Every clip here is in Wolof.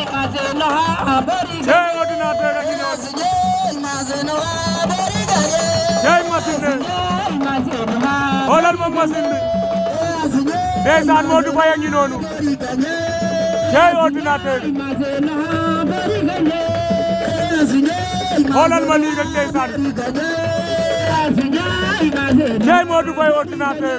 Jai ordinateur ak ñoo Jai machine Xoolal ma machine bi Ndeysaan Modou Faye ngi noonu Jai ordinateur Xoolal ma lii rek ndeysaan Jai Modou Faye ordinateur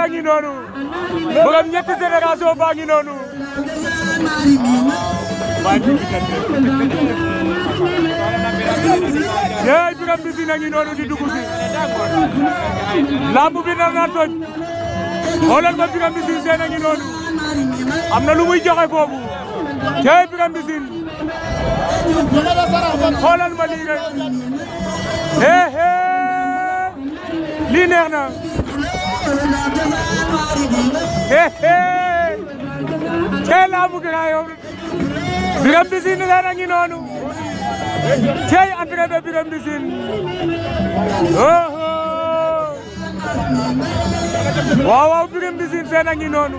Fall a ngi noonu borom ñetti génération baa ngi noonu yeey Biram Mbissine a noonu di dugg si bi nar toj xoolal ma Biram Mbissine seen noonu am na lu muy joxe foofu yeey Biram Mbissine xoolal ma lii rek lii neex na tey làmb Grand Yoff Birame Mbissine nga na ngi noonu tey entrée de Birame Mbissine waaw waaw Birame ngi noonu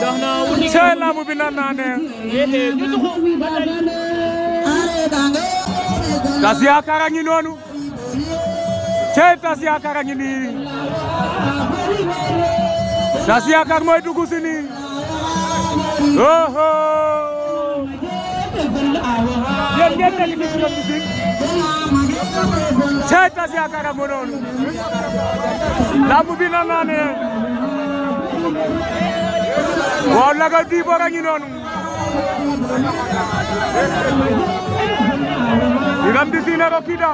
sey laamu bi lan naa neex tas yaakaar a ngi noonu mooy dugg si nii oho yéen ngeen bi lan naa waaw lagal bii boog a ngi noonu ilam di sine rokida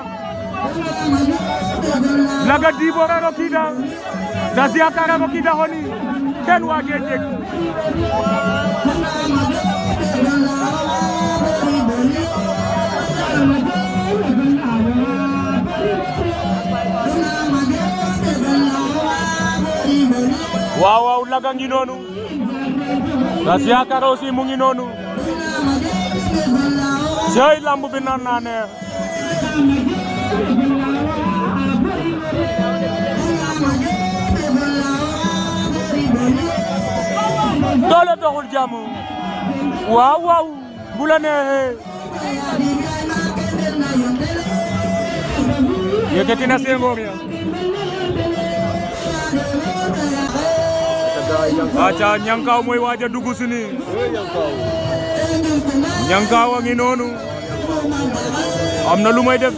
laga dibore rokida dasiakara rokida ken wage jeg waaw waaw laga Tass Yakar aussi mu ngi noonu jey lamb bi doole doxul jàmm waaw waaw bu la neexee yëkkati na eh. seen aca ñankaaw mooy waaja a dugg si a ngi noonu am na lu may def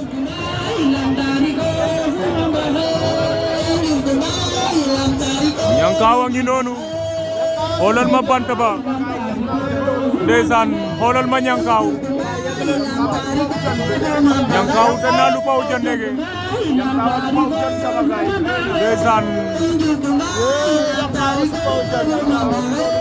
ñankaaw a ngi noonu xoolal ma bant ba ndeysaan xoolal ma ñankaaw yang kau kena lupa hujan lagi yang kau lupa hujan sama guys besan yang kau lupa hujan sama guys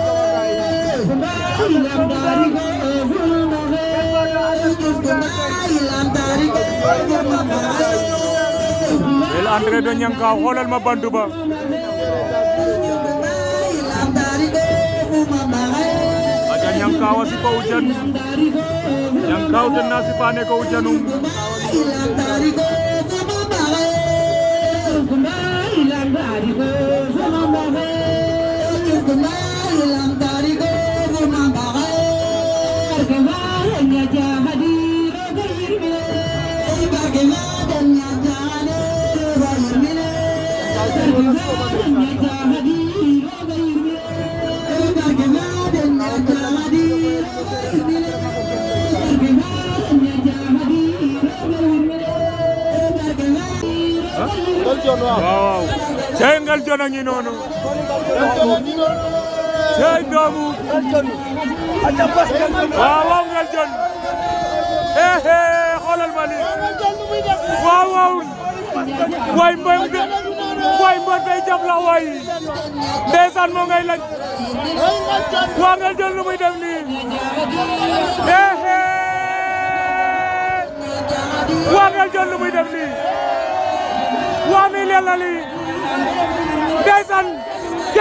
El Andre dan yang kau holal mabandu ba Ada yang kau si hujan යංකාව දෙන්නා සිපානේ කෝචනු ඉලන්දාරි ගෝ ගමබාවේ ගුමා ඉලන්දාරි ගෝ ගමබාවේ ගුමා ඉලන්දාරි ගෝ ගමබාවේ ගමා යජා හදි රබිර් මිලේ බගමා දන්නා ජානේ රබිර් මිලේ ගමා යජා හදි ربي ربي ربي ربي ربي waaw waaw cey ngal jon a ngi noonu cey doomu waaw waaw ngal jon ehe xoolal ma li waaw waaw waay mboy waay mboy fay jaf la waay ndeysaan moo ngay laaj waaw ngal jon lu muy def nii ehe waaw ngal jon lu muy def nii Daniel Lali kii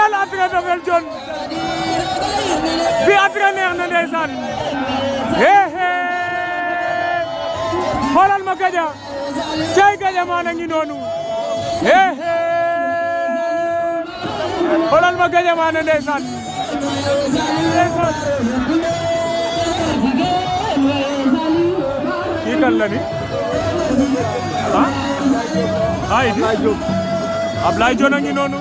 kan la ay Ablaye Dione a ngi noonu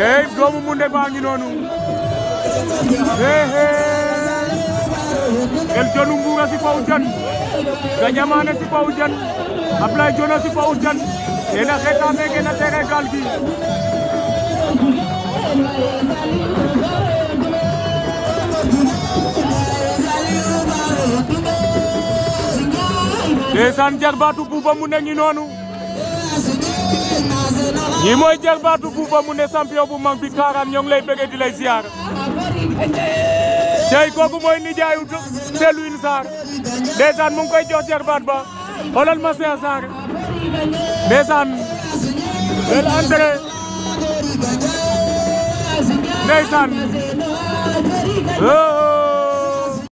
hey doomu Munde baa ngi noonu hey hey El Dione Mbour a si faw Dione Gandia Mané si faw Dione Ablaye Dione a si faw Dione yéen a xeetaan ngeen a tere gaal gi ndeysaan jarbaatu buuba mu ne ngi noonu ñi mooy mu ne champion bu mag bi kaaraan ñoo lay bëgg di lay ziar tey kooku mooy nijaayu Seluine Sarr ndeysaan mu ngi koy jox jarbaat ba xoolal ma seen Sarr ndeysaan bel entrée